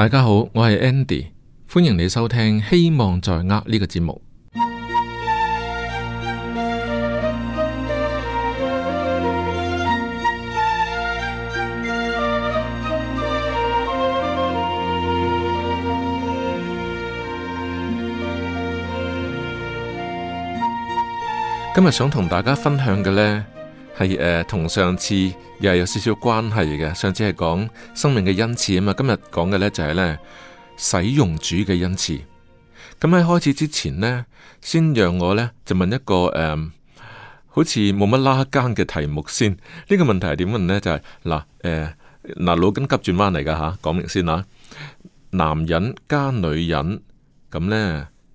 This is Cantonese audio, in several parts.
大家好，我係 Andy，歡迎你收聽《希望在握》呢、這個節目。今日想同大家分享嘅呢。係誒，同、呃、上次又係有少少關係嘅。上次係講生命嘅恩賜啊嘛，今日講嘅咧就係、是、咧使用主嘅恩賜。咁喺開始之前咧，先讓我咧就問一個誒、呃，好似冇乜拉更嘅題目先。呢、這個問題係點問咧？就係嗱誒嗱，腦筋、呃、急轉彎嚟噶吓，講、啊、明先啦、啊。男人加女人咁咧。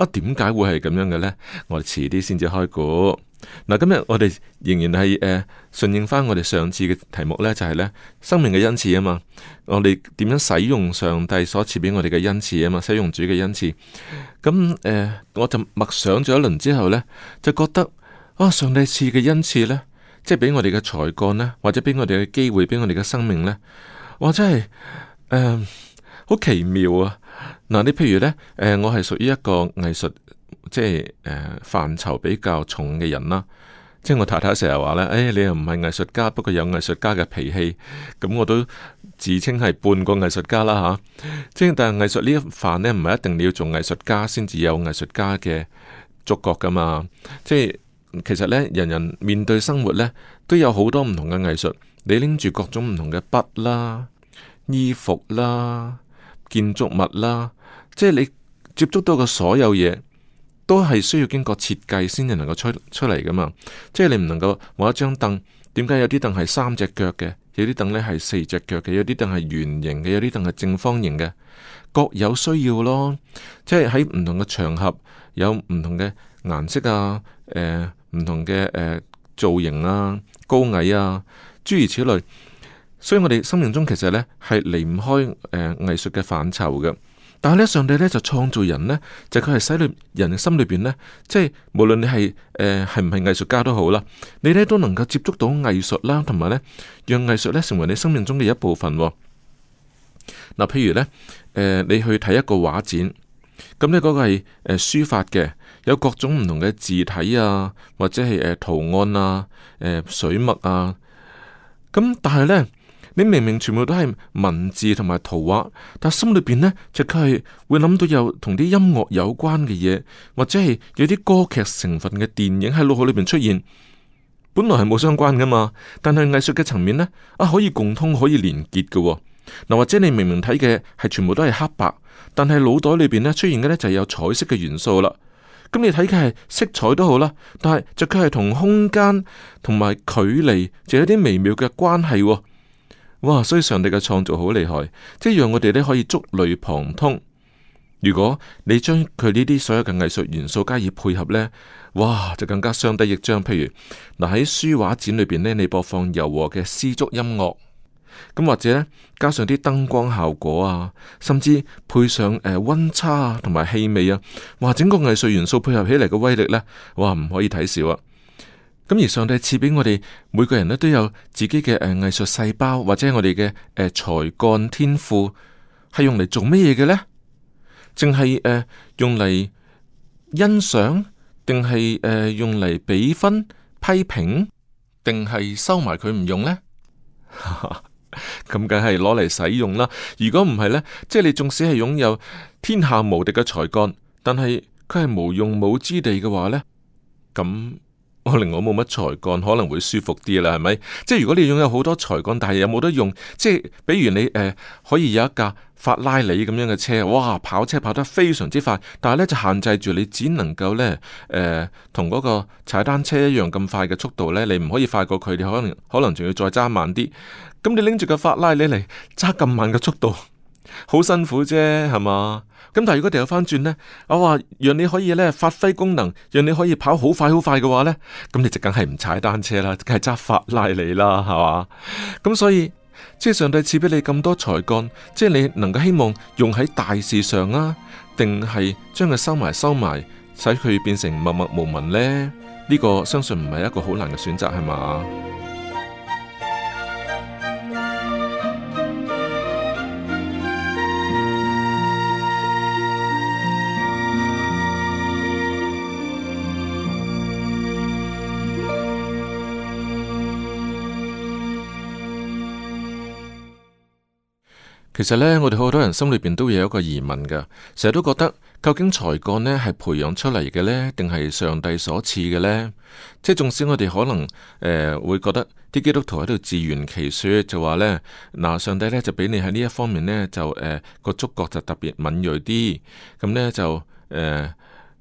啊，點解會係咁樣嘅呢？我哋遲啲先至開估。嗱，今日我哋仍然係誒順應翻我哋上次嘅題目呢就係咧生命嘅恩賜啊嘛。我哋點樣使用上帝所賜俾我哋嘅恩賜啊嘛？使用主嘅恩賜。咁誒，我就默想咗一輪之後呢，就覺得啊，上帝賜嘅恩賜呢，即係俾我哋嘅才幹呢，或者俾我哋嘅機會，俾我哋嘅生命呢。哇，真係誒，好奇妙啊！嗱，你譬如咧，誒，我係屬於一個藝術，即係誒範疇比較重嘅人啦。即係我太太成日話咧，誒、哎，你又唔係藝術家，不過有藝術家嘅脾氣，咁我都自稱係半個藝術家啦吓、啊，即係但係藝術呢一範咧，唔係一定要做藝術家先至有藝術家嘅觸覺噶嘛。即係其實咧，人人面對生活咧，都有好多唔同嘅藝術。你拎住各種唔同嘅筆啦、衣服啦、建築物啦。即係你接觸到嘅所有嘢，都係需要經過設計先至能夠出出嚟噶嘛。即係你唔能夠冇一張凳，點解有啲凳係三隻腳嘅，有啲凳咧係四隻腳嘅，有啲凳係圓形嘅，有啲凳係正方形嘅，各有需要咯。即係喺唔同嘅場合，有唔同嘅顏色啊，誒、呃，唔同嘅誒、呃、造型啊，高矮啊，諸如此類。所以我哋生命中其實咧係離唔開誒藝術嘅範疇嘅。但係呢，上帝呢就創造人呢，就佢係使你人心裏邊呢。即係無論你係誒係唔係藝術家都好啦，你呢都能夠接觸到藝術啦，同埋呢讓藝術呢成為你生命中嘅一部分、哦。嗱、呃，譬如呢，誒、呃、你去睇一個畫展，咁咧嗰個係誒、呃、書法嘅，有各種唔同嘅字體啊，或者係誒、呃、圖案啊，誒、呃、水墨啊，咁但係呢。你明明全部都係文字同埋圖畫，但係心裏邊呢，卻係會諗到有同啲音樂有關嘅嘢，或者係有啲歌劇成分嘅電影喺腦海裏面出現。本來係冇相關噶嘛，但係藝術嘅層面呢，啊可以共通，可以連結嘅喎。嗱，或者你明明睇嘅係全部都係黑白，但係腦袋裏邊呢出現嘅呢，就有彩色嘅元素啦。咁你睇嘅係色彩都好啦，但係卻係同空間同埋距離就有啲微妙嘅關係喎。哇！所以上帝嘅創造好厲害，即係讓我哋咧可以觸類旁通。如果你將佢呢啲所有嘅藝術元素加以配合呢，哇！就更加相得益彰。譬如嗱喺書畫展裏邊呢，你播放柔和嘅絲竹音樂，咁或者咧加上啲燈光效果啊，甚至配上誒、呃、溫差啊同埋氣味啊，哇！整個藝術元素配合起嚟嘅威力呢，哇！唔可以睇小啊！咁而上帝賜畀我哋每個人呢，都有自己嘅、誒藝術細胞或者我哋嘅、呃、才幹天賦，係用嚟做乜嘢嘅呢？淨係、呃、用嚟欣賞，定係、呃、用嚟比分批評，定係收埋佢唔用呢？咁梗係攞嚟使用啦。如果唔係呢，即係你縱使係擁有天下無敵嘅才幹，但係佢係無用武之地嘅話呢？咁。可能我冇乜才幹，可能會舒服啲啦，係咪？即係如果你擁有好多才幹，但係有冇得用？即係比如你誒、呃，可以有一架法拉利咁樣嘅車，哇，跑車跑得非常之快，但係呢就限制住你只能夠呢誒，同、呃、嗰個踩單車一樣咁快嘅速度呢，你唔可以快過佢，你可能可能仲要再揸慢啲。咁你拎住個法拉利嚟揸咁慢嘅速度？好辛苦啫，係嘛？咁但係如果掉翻轉呢，我話讓你可以咧發揮功能，讓你可以跑好快好快嘅話呢，咁你即係梗係唔踩單車啦，梗係揸法拉利啦，係嘛？咁所以即係上帝賜俾你咁多才幹，即係你能夠希望用喺大事上啊，定係將佢收埋收埋，使佢變成默默無聞呢？呢個相信唔係一個好難嘅選擇，係嘛？其實呢，我哋好多人心裏邊都有一個疑問噶，成日都覺得究竟才幹呢係培養出嚟嘅呢，定係上帝所賜嘅呢？即係縱使我哋可能誒、呃、會覺得啲基督徒喺度自圓其說，就話呢：「嗱，上帝呢就俾你喺呢一方面呢，就誒個觸覺就特別敏銳啲」，咁呢，就誒、呃、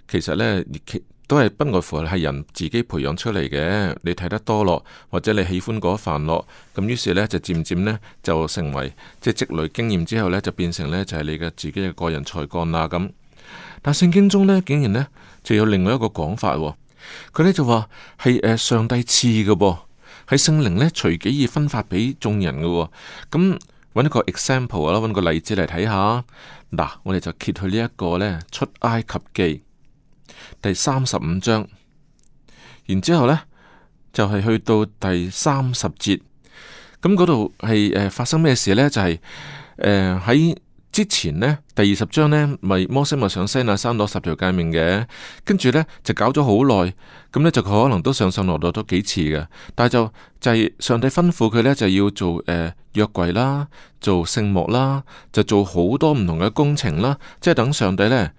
其實呢。其。都係不外乎係人自己培養出嚟嘅。你睇得多咯，或者你喜歡嗰一份咯，咁於是呢，就漸漸呢，就成為即係積累經驗之後呢，就變成呢，就係你嘅自己嘅個人才幹啦咁。但聖經中呢，竟然呢，就有另外一個講法，佢呢就話係誒上帝賜嘅噃，係聖靈呢隨己意分發俾眾人嘅。咁揾一個 example 啊，揾個例子嚟睇下。嗱，我哋就揭去呢一個呢，出埃及記。第三十五章，然之後咧就係、是、去到第三十節，咁嗰度係誒發生咩事呢？就係誒喺之前呢，第二十章呢咪摩西咪上西奈山攞十條誡命嘅，跟住呢，就搞咗好耐，咁呢，就可能都上上落落都幾次嘅，但係就就係、是、上帝吩咐佢呢，就要做誒約、呃、櫃啦，做聖幕啦，就做好多唔同嘅工程啦，即係等上帝呢。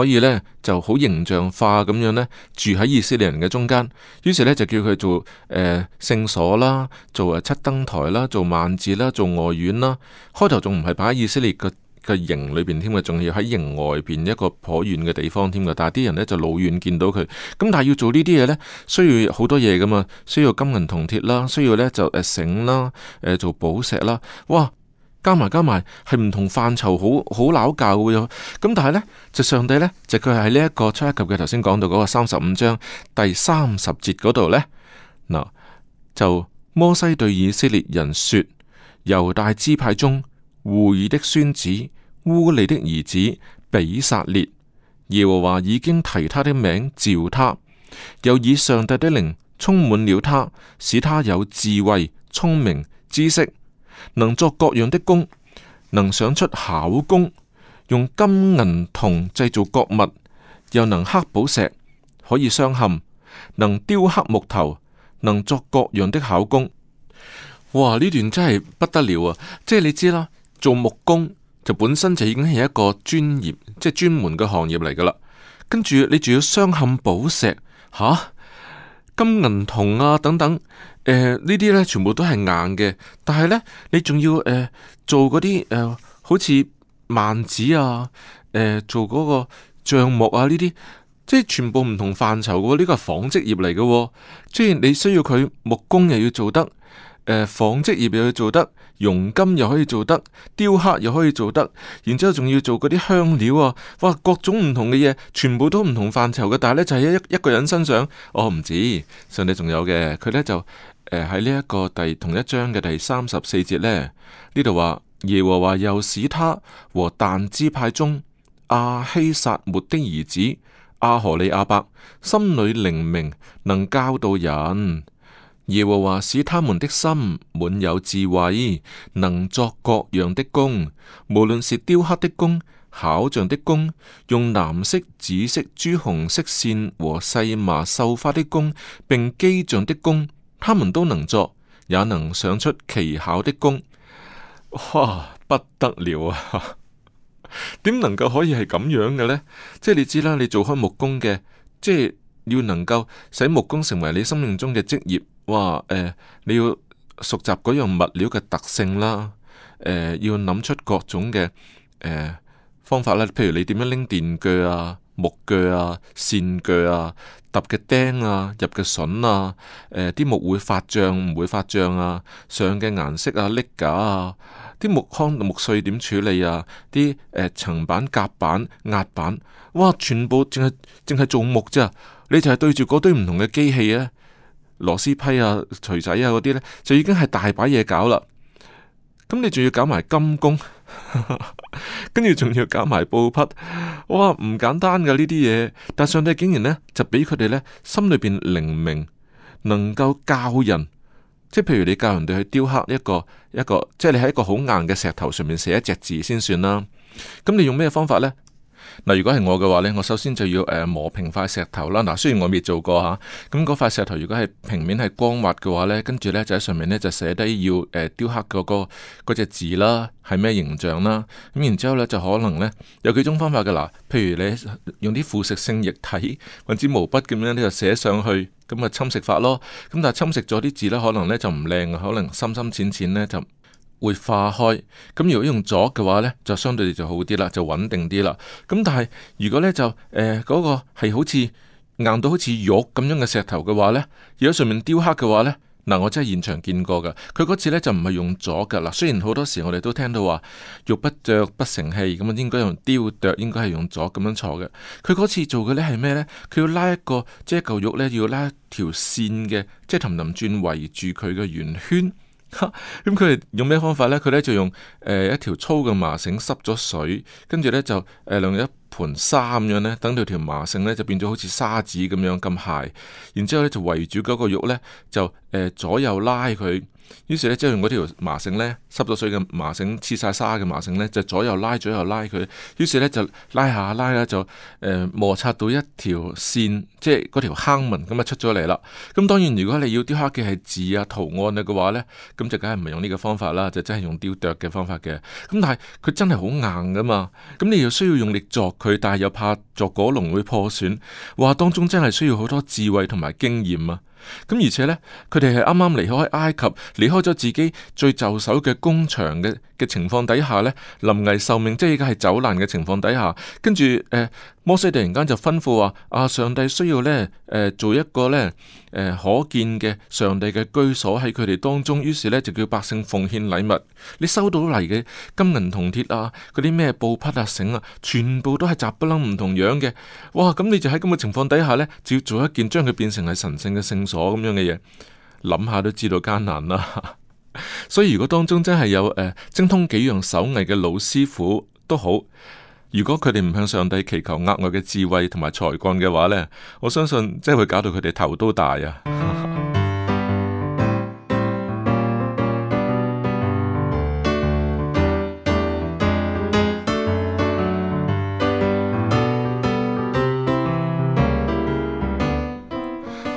所以呢，就好形象化咁樣呢，住喺以色列人嘅中間，於是呢，就叫佢做誒聖所啦，做誒七燈臺啦，做幔子啦，做外院啦。開頭仲唔係擺喺以色列嘅嘅營裏邊添嘅，仲要喺營外邊一個頗遠嘅地方添嘅。但係啲人呢，就老遠見到佢。咁但係要做呢啲嘢呢，需要好多嘢㗎嘛，需要金銀銅鐵啦，需要呢，就誒繩啦，呃，呃、做寶石啦，哇！加埋加埋係唔同範疇，好好拗教嘅咁，但係呢，就上帝呢，就佢係喺呢一個七一集嘅頭先講到嗰個三十五章第三十節嗰度呢，嗱就摩西對以色列人說，猶大支派中戶珥的孫子烏利的兒子比撒列，耶和華已經提他的名召他，又以上帝的靈充滿了他，使他有智慧聰明知識。能作各樣的工，能想出巧工，用金銀銅製造各物，又能刻寶石，可以鑲嵌，能雕刻木頭，能作各樣的巧工。哇！呢段真係不得了啊！即係你知啦，做木工就本身就已經係一個專業，即係專門嘅行業嚟㗎喇。跟住你仲要鑲嵌寶石、吓、啊、金銀銅啊等等。誒，呢啲、呃、呢，全部都係硬嘅，但係呢，你仲要誒、呃、做嗰啲誒，好似幔子啊，誒、呃、做嗰個帳幕啊呢啲，即係全部唔同範疇嘅，呢個係紡織業嚟嘅、哦，即係你需要佢木工又要做得，誒紡織業又要做得，熔金又可以做得，雕刻又可以做得，然之後仲要做嗰啲香料啊，哇，各種唔同嘅嘢，全部都唔同範疇嘅，但係呢，就喺、是、一一個人身上，我唔知，上帝仲有嘅，佢呢就。喺呢一個第同一章嘅第三十四節呢，呢度話耶和華又使他和但支派中阿希撒末的兒子阿荷里阿伯心裏靈明，能教導人。耶和華使他們的心滿有智慧，能作各樣的工，無論是雕刻的工、巧匠的工、用藍色、紫色、朱紅色線和細麻繡花的工，並機匠的工。他們都能做，也能想出奇巧的功。哇，不得了啊！點 能夠可以係咁樣嘅呢？即係你知啦，你做開木工嘅，即係要能夠使木工成為你生命中嘅職業。哇，誒、呃，你要熟習嗰樣物料嘅特性啦，誒、呃，要諗出各種嘅誒、呃、方法啦，譬如你點樣拎電鋸啊？木鋸啊、線鋸啊、揼嘅釘啊、入嘅榫啊、誒、呃、啲木會發脹唔會發脹啊、上嘅顏色啊、裂架啊、啲、啊、木糠木碎點處理啊、啲誒層板、夾板、壓板，哇！全部淨係淨係做木啫，你就係對住嗰堆唔同嘅機器咧、啊，螺絲批啊、錘仔啊嗰啲咧，就已經係大把嘢搞啦。咁你仲要搞埋金工。跟住仲要搞埋布匹，哇，唔簡單噶呢啲嘢。但上帝竟然呢，就俾佢哋呢，心裏邊靈明，能夠教人。即係譬如你教人哋去雕刻一個一個，即係你喺一個好硬嘅石頭上面寫一隻字先算啦。咁你用咩方法呢？嗱，如果係我嘅話咧，我首先就要誒磨平塊石頭啦。嗱，雖然我未做過嚇，咁嗰塊石頭如果係平面係光滑嘅話咧，跟住咧就喺上面咧就寫低要誒雕刻嗰個嗰隻字啦，係咩形象啦？咁然之後咧就可能咧有幾種方法㗎喇，譬如你用啲腐蝕性液體或者毛筆咁樣呢就寫上去，咁啊侵蝕法咯。咁但係侵蝕咗啲字咧，可能咧就唔靚，可能深深淺淺咧就，會化開，咁如果用鑿嘅話呢，就相對就好啲啦，就穩定啲啦。咁但係如果呢就誒嗰、呃那個係好似硬到好似玉咁樣嘅石頭嘅話呢，如果上面雕刻嘅話呢，嗱我真係現場見過噶，佢嗰次呢就唔係用鑿噶啦。雖然好多時我哋都聽到話玉不琢不成器，咁應該用雕琢，應該係用鑿咁樣坐嘅。佢嗰次做嘅呢係咩呢？佢要拉一個即係嚿玉呢，要拉條線嘅，即係氹氹轉圍住佢嘅圓圈。咁佢哋用咩方法咧？佢咧就用誒、呃、一條粗嘅麻繩濕咗水，跟住咧就誒用一盆沙咁樣咧，等到條麻繩咧就變咗好似沙子咁樣咁嚡，然之後咧就圍住嗰個肉咧，就誒、呃、左右拉佢。於是咧，即係用嗰條麻繩咧，濕咗水嘅麻繩，黐晒沙嘅麻繩咧，就左右拉，左右拉佢。於是咧，就拉下拉啦，就誒摩、呃、擦到一條線，即係嗰條坑紋咁啊出咗嚟啦。咁當然，如果你要雕刻嘅係字啊、圖案啊嘅話咧，咁就梗係唔係用呢個方法啦，就真係用雕琢嘅方法嘅。咁但係佢真係好硬噶嘛，咁你又需要用力鑿佢，但係又怕鑿嗰龍會破損，話當中真係需要好多智慧同埋經驗啊！咁而且呢，佢哋係啱啱離開埃及，離開咗自己最就手嘅工場嘅嘅情況底下呢，臨危受命，即係而家係走難嘅情況底下，跟住誒。呃.摩西突然間就吩咐話：啊，上帝需要呢，誒、呃，做一個呢，誒、呃，可見嘅上帝嘅居所喺佢哋當中。於是呢，就叫百姓奉獻禮物。你收到嚟嘅金銀銅鐵啊，嗰啲咩布匹啊、繩啊，全部都係雜不楞唔同樣嘅。哇，咁你就喺咁嘅情況底下呢，就要做一件將佢變成係神聖嘅聖所咁樣嘅嘢，諗下都知道艱難啦。 所以如果當中真係有誒、呃、精通幾樣手藝嘅老師傅都好。如果佢哋唔向上帝祈求額外嘅智慧同埋才幹嘅話，咧，我相信即係會搞到佢哋頭都大啊！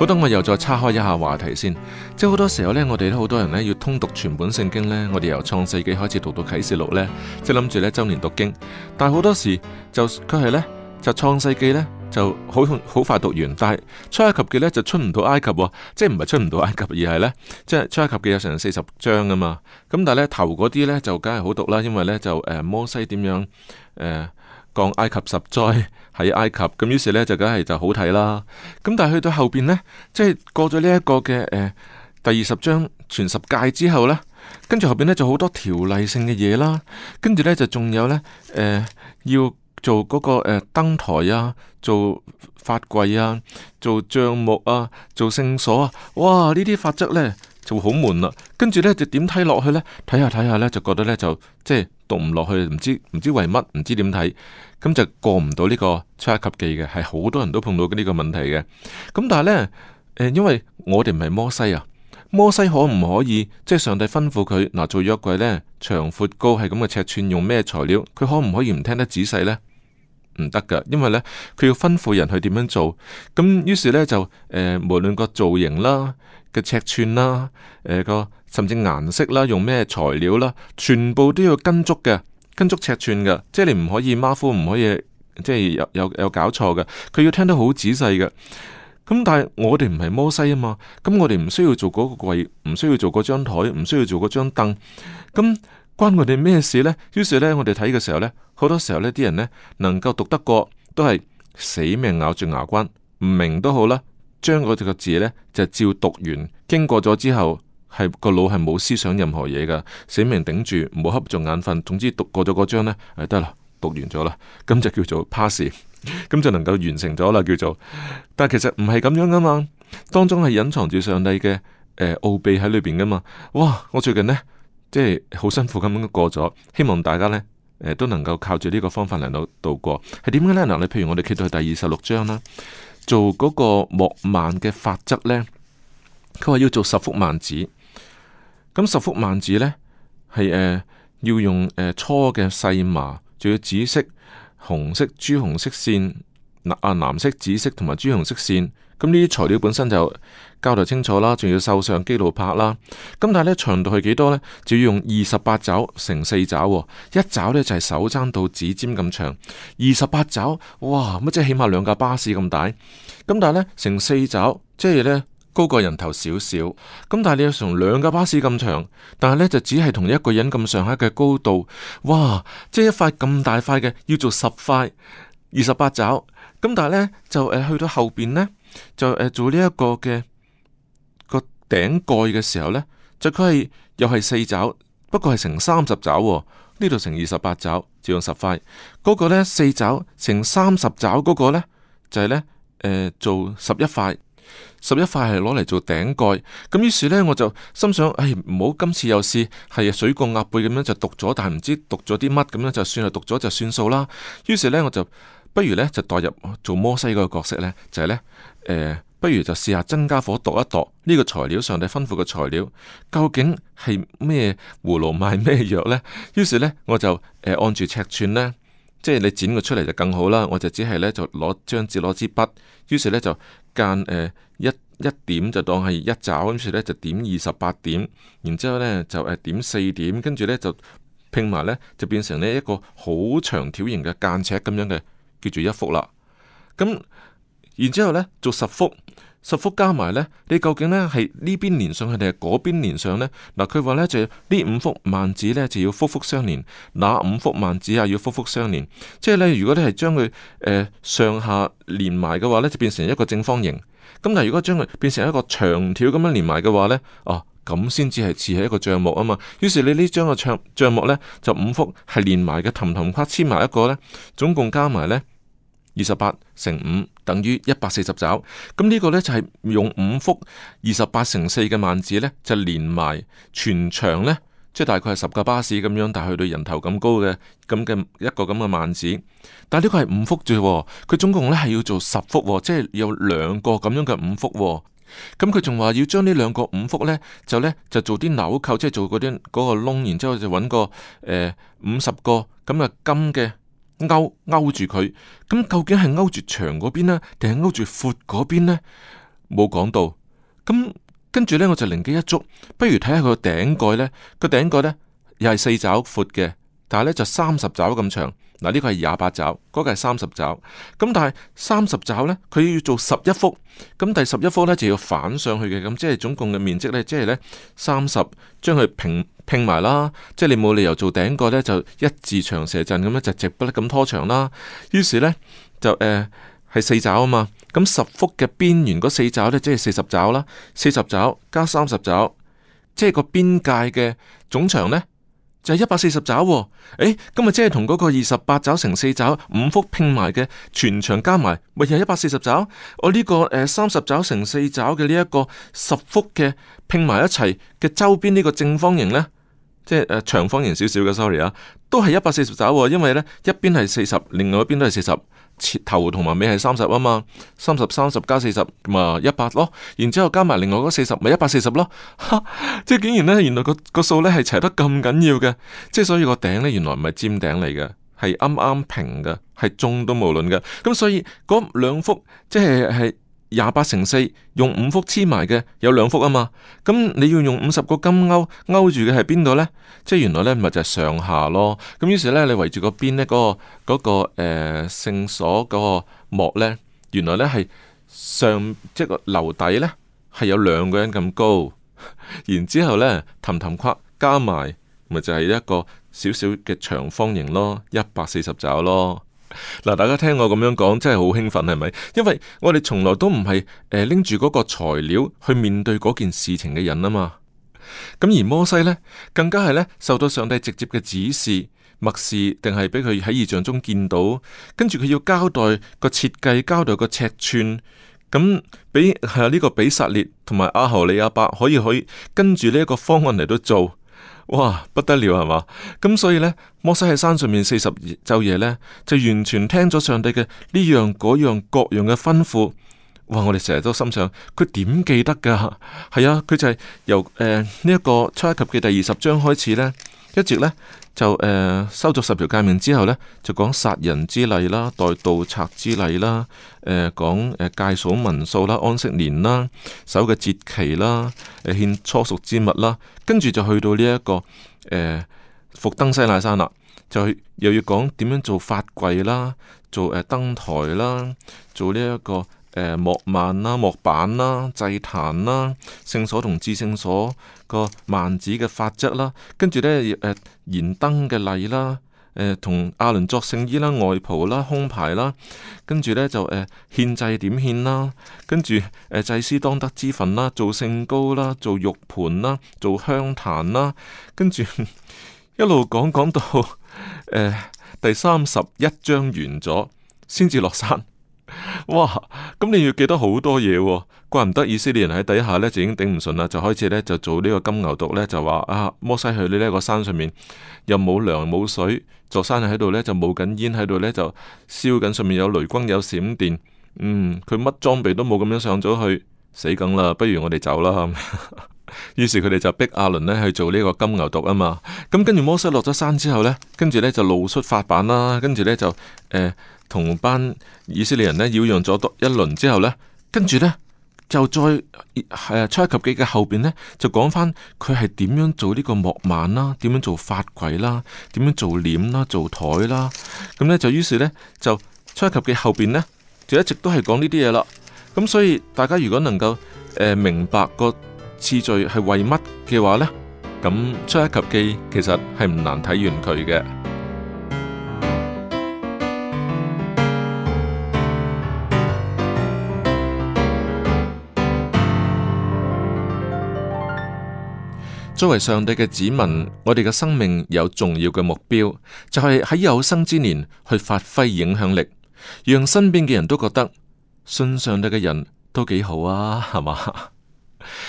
等我又再叉開一下話題先，即係好多時候呢，我哋都好多人呢，要通讀全本聖經呢。我哋由創世紀開始讀到啟示錄呢，即係諗住呢，周年讀經，但係好多時就佢係呢，就創世紀呢，就好好快讀完，但係出埃及記呢就出唔到埃及，即係唔係出唔到埃及，而係呢，即係出埃及記有成四十章噶嘛，咁但係呢，頭嗰啲呢，就梗係好讀啦，因為呢，就誒、呃、摩西點樣、呃講埃及十災喺埃及，咁於是呢就梗係就好睇啦。咁但係去到後邊呢，即係過咗呢一個嘅誒、呃、第二十章全十誡之後呢，跟住後邊呢就好多條例性嘅嘢啦。跟住呢就仲有呢，誒、呃、要做嗰、那個誒、呃、燈台啊，做法櫃啊，做賬目啊，做聖所啊。哇！則呢啲法則呢就好悶啦。跟住呢就點睇落去呢，睇下睇下呢，就覺得呢就即係。讀唔落去，唔知唔知為乜，唔知點睇，咁就過唔到呢個出埃及記嘅，係好多人都碰到呢個問題嘅。咁但係呢，因為我哋唔係摩西啊，摩西可唔可以即係上帝吩咐佢嗱做約櫃呢，長闊高係咁嘅尺寸，用咩材料，佢可唔可以唔聽得仔細呢？唔得噶，因為呢，佢要吩咐人去點樣做，咁於是呢，就誒、呃，無論個造型啦、個尺寸啦、呃、個。甚至顏色啦，用咩材料啦，全部都要跟足嘅，跟足尺寸嘅，即係你唔可以馬虎，唔可以即係有有有搞錯嘅，佢要聽得好仔細嘅。咁但係我哋唔係摩西啊嘛，咁我哋唔需要做嗰個櫃，唔需要做嗰張台，唔需要做嗰張凳。咁關我哋咩事呢？於是呢，我哋睇嘅時候呢，好多時候呢啲人呢，能夠讀得過，都係死命咬住牙關，唔明都好啦，將嗰個字呢，就照讀完，經過咗之後。係個腦係冇思想任何嘢噶，死命頂住，唔好瞌住眼瞓。總之讀過咗嗰章咧，誒得啦，讀完咗啦，咁就叫做 pass，咁就能夠完成咗啦。叫做，但係其實唔係咁樣噶嘛，當中係隱藏住上帝嘅誒奧秘喺裏邊噶嘛。哇，我最近呢，即係好辛苦咁樣過咗，希望大家呢，都能夠靠住呢個方法嚟到度過。係點嘅呢？嗱，你譬如我哋揭到第二十六章啦，做嗰個莫曼嘅法則呢，佢話要做十幅萬子。咁十幅幔子呢，係誒、呃、要用誒粗嘅細麻，仲要紫色、紅色、朱紅色線、啊、呃、藍色、紫色同埋朱紅色線。咁呢啲材料本身就交代清楚啦，仲要繡上基路伯啦。咁、嗯、但係呢，長度係幾多呢？就要用二十八肘乘四肘，一肘呢，就係、是、手踭到指尖咁長。二十八肘，哇！乜即係起碼兩架巴士咁大。咁、嗯、但係呢，乘四肘，即係呢。高個人頭少少，咁但係你要從兩架巴士咁長，但係呢就只係同一個人咁上下嘅高度，哇！即係一塊咁大塊嘅要做十塊二十八爪，咁但係呢，就、呃、去到後邊呢，就、呃、做呢一個嘅個頂蓋嘅時候呢，就佢係又係四爪，不過係成三十爪，呢度成二十八爪就用十塊，嗰、嗰個呢四爪成三十爪嗰個呢就係呢，呢就係呢呃、做十一塊。十一塊係攞嚟做頂蓋，咁於是呢，我就心想：唉、哎，唔好今次又試係水過鴨背咁樣就讀咗，但係唔知讀咗啲乜咁樣，就算係讀咗就算數啦。於是呢，我就不如呢，就代入做摩西嗰個角色呢，就係、是、呢、呃，不如就試下增加火度一度。呢、這個材料，上帝吩咐嘅材料究竟係咩葫蘆賣咩藥呢？於是呢，我就、呃、按住尺寸呢，即係你剪佢出嚟就更好啦。我就只係呢，就攞張紙攞支筆，於是呢，就呢。就間誒、呃、一一點就當係一爪，跟住咧就點二十八點，然之後咧就誒點四點，跟住咧就拼埋咧就變成呢一個好長條形嘅間尺咁樣嘅叫做一幅啦。咁然之後咧做十幅。十幅加埋呢，你究竟呢係呢邊連上去定係嗰邊連上呢？嗱，佢話呢就呢五幅幔子呢，就要幅幅相連，那五幅幔子啊要幅幅相連。即係咧，如果你係將佢誒上下連埋嘅話呢，就變成一個正方形。咁但係如果將佢變成一個長條咁樣連埋嘅話呢，哦、啊，咁先至係似係一個帳幕啊嘛。於是你呢張嘅帳帳幕呢，就五幅係連埋嘅，氹氹跨黐埋一個呢，總共加埋呢，二十八乘五等於一百四十爪，咁、嗯、呢、這個呢，就係、是、用五幅二十八乘四嘅萬字呢，就連埋全場呢，即係大概係十架巴士咁樣，但去到人頭咁高嘅咁嘅一個咁嘅萬字，但係呢個係五幅咋、哦，佢總共呢係要做十幅、哦，即係有兩個咁樣嘅五幅、哦，咁佢仲話要將呢兩個五幅呢，就呢就做啲鈕扣，即係做嗰啲嗰個窿，然之後就揾個誒五十個咁嘅金嘅。勾勾住佢，咁究竟係勾住長嗰邊呢？定係勾住闊嗰邊呢？冇講到，咁跟住呢，我就靈機一觸，不如睇下佢個頂蓋呢，個頂蓋呢，又係四爪闊嘅，但係呢就三十爪咁長。嗱，呢個係廿八爪，嗰個係三十爪。咁但係三十爪咧，佢要做十一幅。咁第十一幅咧就要反上去嘅，咁即係總共嘅面積咧，即係咧三十將佢拼拼埋啦。即係你冇理由做頂個咧，就一字長蛇陣咁樣直直不甩咁拖長啦。於是咧就誒係四爪啊嘛。咁十幅嘅邊緣嗰四爪咧，即係四十爪啦。四十爪加三十爪，即係個邊界嘅總長咧，就係一百四十爪，誒，今日即係同嗰個二十八爪乘四爪五幅拼埋嘅全場加埋，咪又係一百四十爪。我呢個誒三十爪乘四爪嘅呢一個十幅嘅拼埋一齊嘅周邊呢個正方形咧。即係誒、呃，長方形少少嘅，sorry 啊，都係一百四十喎，因為咧一邊係四十，另外一邊都係四十，頭同埋尾係三十啊嘛，三十三十加四十咁啊一百咯，然之後加埋另外嗰四十咪一百四十咯，即係竟然咧，原來個個數咧係齊得咁緊要嘅，即係所以個頂咧原來唔係尖頂嚟嘅，係啱啱平嘅，係中都冇論嘅，咁所以嗰兩幅即係係。廿八乘四，用五幅黐埋嘅有兩幅啊嘛，咁你要用五十個金鈎鈎住嘅係邊度呢？即係原來呢咪就係、是、上下咯，咁於是呢，你圍住、那個邊呢嗰個嗰個誒聖所嗰個幕呢，原來呢係上即個樓底呢係有兩個人咁高，然之後咧氹氹框加埋咪就係、是、一個少少嘅長方形咯，一百四十肘咯。嗱，大家聽我咁樣講，真係好興奮，係咪？因為我哋從來都唔係誒拎住嗰個材料去面對嗰件事情嘅人啊嘛。咁而摩西呢，更加係呢受到上帝直接嘅指示、默示，定係俾佢喺意象中見到，跟住佢要交代個設計、交代個尺寸，咁俾係呢個比撒列同埋阿豪里亞伯可以去跟住呢一個方案嚟到做。哇，不得了係嘛？咁所以呢，摩西喺山上面四十晝夜呢，就完全聽咗上帝嘅呢樣嗰樣各樣嘅吩咐。哇，我哋成日都心想，佢點記得噶？係啊，佢就係由呢、呃這個、一個出埃及嘅第二十章開始呢，一直呢。就誒、呃、收咗十條誡命之後呢就講殺人之例啦、代盜賊之例啦、誒、呃、講誒界數民數啦、安息年啦、守嘅節期啦、誒獻初熟之物啦，跟住就去到呢、這、一個誒、呃、復登西奈山啦，就又要講點樣做法櫃啦、做誒、呃、燈臺啦、做呢、這、一個。誒、呃、莫曼啦、啊、莫板啦、啊、祭壇啦、啊、聖所同至聖所個幔子嘅法則啦、啊，跟住咧誒燃燈嘅例啦，誒、呃、同阿倫作聖衣啦、啊、外袍啦、啊、胸牌啦、啊，跟住咧就誒獻祭點獻啦、啊，跟住誒、呃、祭司當得之分啦、啊、做聖膏啦、啊、做玉盤啦、做香壇啦、啊，跟住 一路講講，講到誒、呃、第三十一章完咗，先至落山。哇！咁你要記得好多嘢喎、哦，怪唔得以色列人喺底下呢，就已經頂唔順啦，就開始呢，就做呢個金牛犢呢，就話啊摩西去呢個山上面又冇糧冇水，座山喺度呢，就冒緊煙喺度呢，就燒緊，上面有雷轟有閃電，嗯，佢乜裝備都冇咁樣上咗去死梗啦，不如我哋走啦。於 是佢哋就逼阿倫呢去做呢個金牛犢啊嘛。咁、嗯、跟住摩西落咗山之後呢，跟住呢，就露出髮板啦，跟住呢，就誒。呃同班以色列人咧，擾攘咗多一輪之後呢跟住呢，就再係啊，出埃及記嘅後邊呢，就講翻佢係點樣做呢個木板啦，點樣做法櫃啦、啊，點樣做簾啦、啊，做台啦、啊，咁呢，就於是呢，就出埃及記後邊呢，就一直都係講呢啲嘢啦。咁所以大家如果能夠誒、呃、明白個次序係為乜嘅話呢，咁出埃及記其實係唔難睇完佢嘅。作為上帝嘅子民，我哋嘅生命有重要嘅目標，就係、是、喺有生之年去發揮影響力，讓身邊嘅人都覺得信上帝嘅人都幾好啊，係嘛？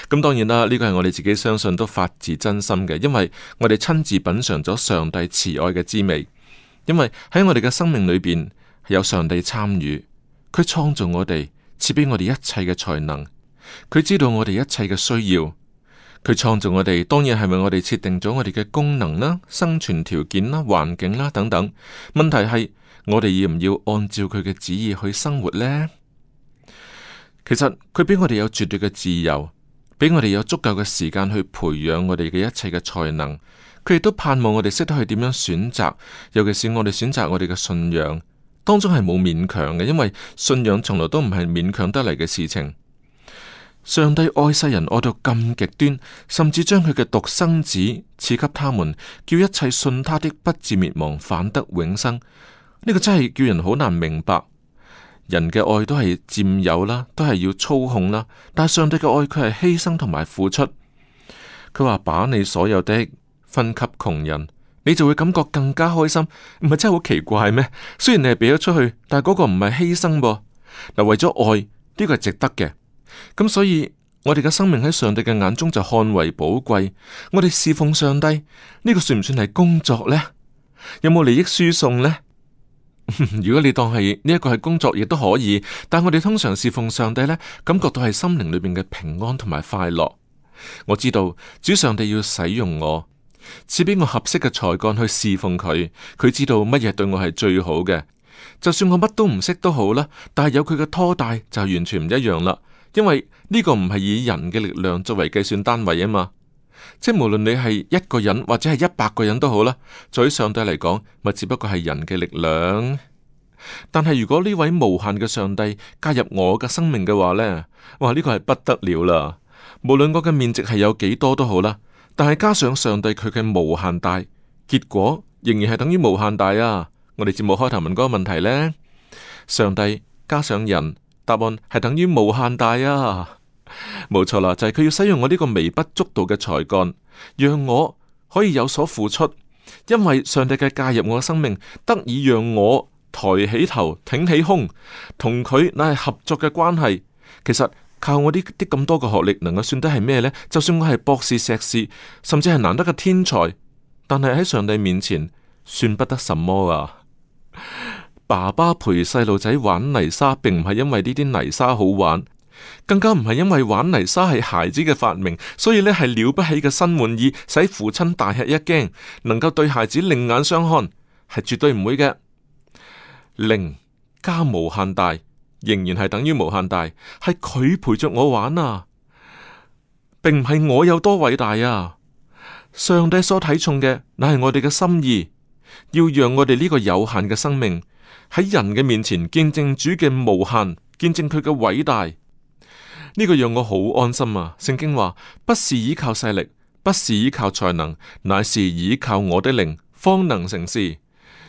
咁 當然啦，呢、這個係我哋自己相信都發自真心嘅，因為我哋親自品嘗咗上帝慈愛嘅滋味，因為喺我哋嘅生命裏邊有上帝參與，佢創造我哋，賜俾我哋一切嘅才能，佢知道我哋一切嘅需要。佢創造我哋，當然係為我哋設定咗我哋嘅功能啦、生存條件啦、環境啦等等。問題係我哋要唔要按照佢嘅旨意去生活咧？其實佢俾我哋有絕對嘅自由，俾我哋有足夠嘅時間去培養我哋嘅一切嘅才能。佢亦都盼望我哋識得去點樣選擇，尤其是我哋選擇我哋嘅信仰，當中係冇勉強嘅，因為信仰從來都唔係勉強得嚟嘅事情。上帝愛世人愛到咁極端，甚至將佢嘅獨生子賜給他們，叫一切信他的不至滅亡，反得永生。呢個真係叫人好難明白。人嘅愛都係佔有啦，都係要操控啦。但上帝嘅愛佢係犧牲同埋付出。佢話，把你所有的分給窮人，你就會感覺更加開心。唔係真係好奇怪咩？雖然你係畀咗出去，但係嗰個唔係犧牲噃。但為咗愛呢個係值得嘅。咁所以，我哋嘅生命喺上帝嘅眼中就看為寶貴。我哋侍奉上帝呢、呢個算唔算係工作呢？有冇利益輸送呢？ 如果你當係呢一個係工作，亦都可以。但我哋通常侍奉上帝呢，感覺到係心靈裏面嘅平安同埋快樂。我知道主上帝要使用我，賜俾我合適嘅才幹去侍奉佢。佢知道乜嘢對我係最好嘅，就算我乜都唔識都好啦。但係有佢嘅拖帶就完全唔一樣啦。因為呢個唔係以人嘅力量作為計算單位啊嘛，即係，無論你係一個人或者係一百個人都好啦，在上帝嚟講，咪只不過係人嘅力量。但係如果呢位無限嘅上帝加入我嘅生命嘅話呢，哇，呢個係不得了啦！無論我嘅面積係有幾多都好啦，但係加上上帝佢嘅無限大，結果仍然係等於無限大啊！我哋節目開頭問嗰個問題呢：上帝加上人。答案係等於無限大啊，冇錯啦，就係佢要使用我呢個微不足道嘅才幹，讓我可以有所付出，因為上帝嘅介入我嘅生命，得以讓我抬起頭、挺起胸，同佢乃係合作嘅關係。其實靠我呢啲咁多嘅學歷，能夠算得係咩呢？就算我係博士、碩士，甚至係難得嘅天才，但係喺上帝面前算不得什麼啊！爸爸陪細路仔玩泥沙，並唔係因為呢啲泥沙好玩，更加唔係因為玩泥沙係孩子嘅發明，所以呢係了不起嘅新玩意，使父親大吃一驚，能夠對孩子另眼相看，係絕對唔會嘅。零加無限大，仍然係等於無限大，係佢陪着我玩啊，並唔係我有多偉大啊！上帝所睇重嘅，乃係我哋嘅心意，要讓我哋呢個有限嘅生命。喺人嘅面前見證主嘅無限，見證佢嘅偉大，呢、這個讓我好安心啊！聖經話：不是倚靠勢力，不是倚靠才能，乃是倚靠我的靈，方能成事。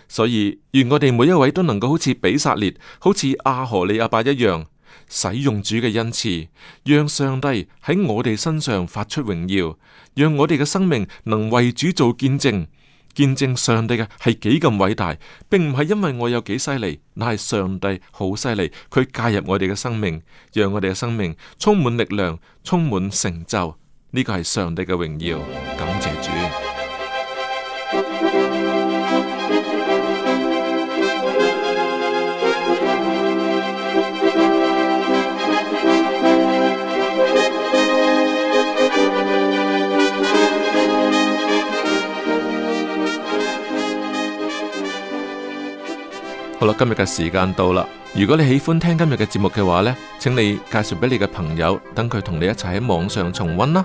所以，願我哋每一位都能夠好似比撒列，好似亞何利亞伯一樣，使用主嘅恩賜，讓上帝喺我哋身上發出榮耀，讓我哋嘅生命能為主做見證。見證上帝嘅係幾咁偉大，並唔係因為我有幾犀利，乃係上帝好犀利，佢介入我哋嘅生命，讓我哋嘅生命充滿力量，充滿成就。呢個係上帝嘅榮耀，感謝主。今日嘅時間到啦。如果你喜歡聽今日嘅節目嘅話呢，請你介紹俾你嘅朋友，等佢同你一齊喺網上重溫啦。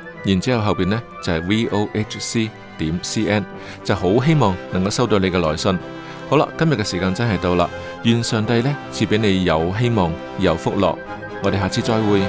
然之後後邊呢就係、是、vohc 點 cn，就好希望能夠收到你嘅來信。好啦，今日嘅時間真係到啦，願上帝呢，賜俾你有希望，有福樂。我哋下次再會。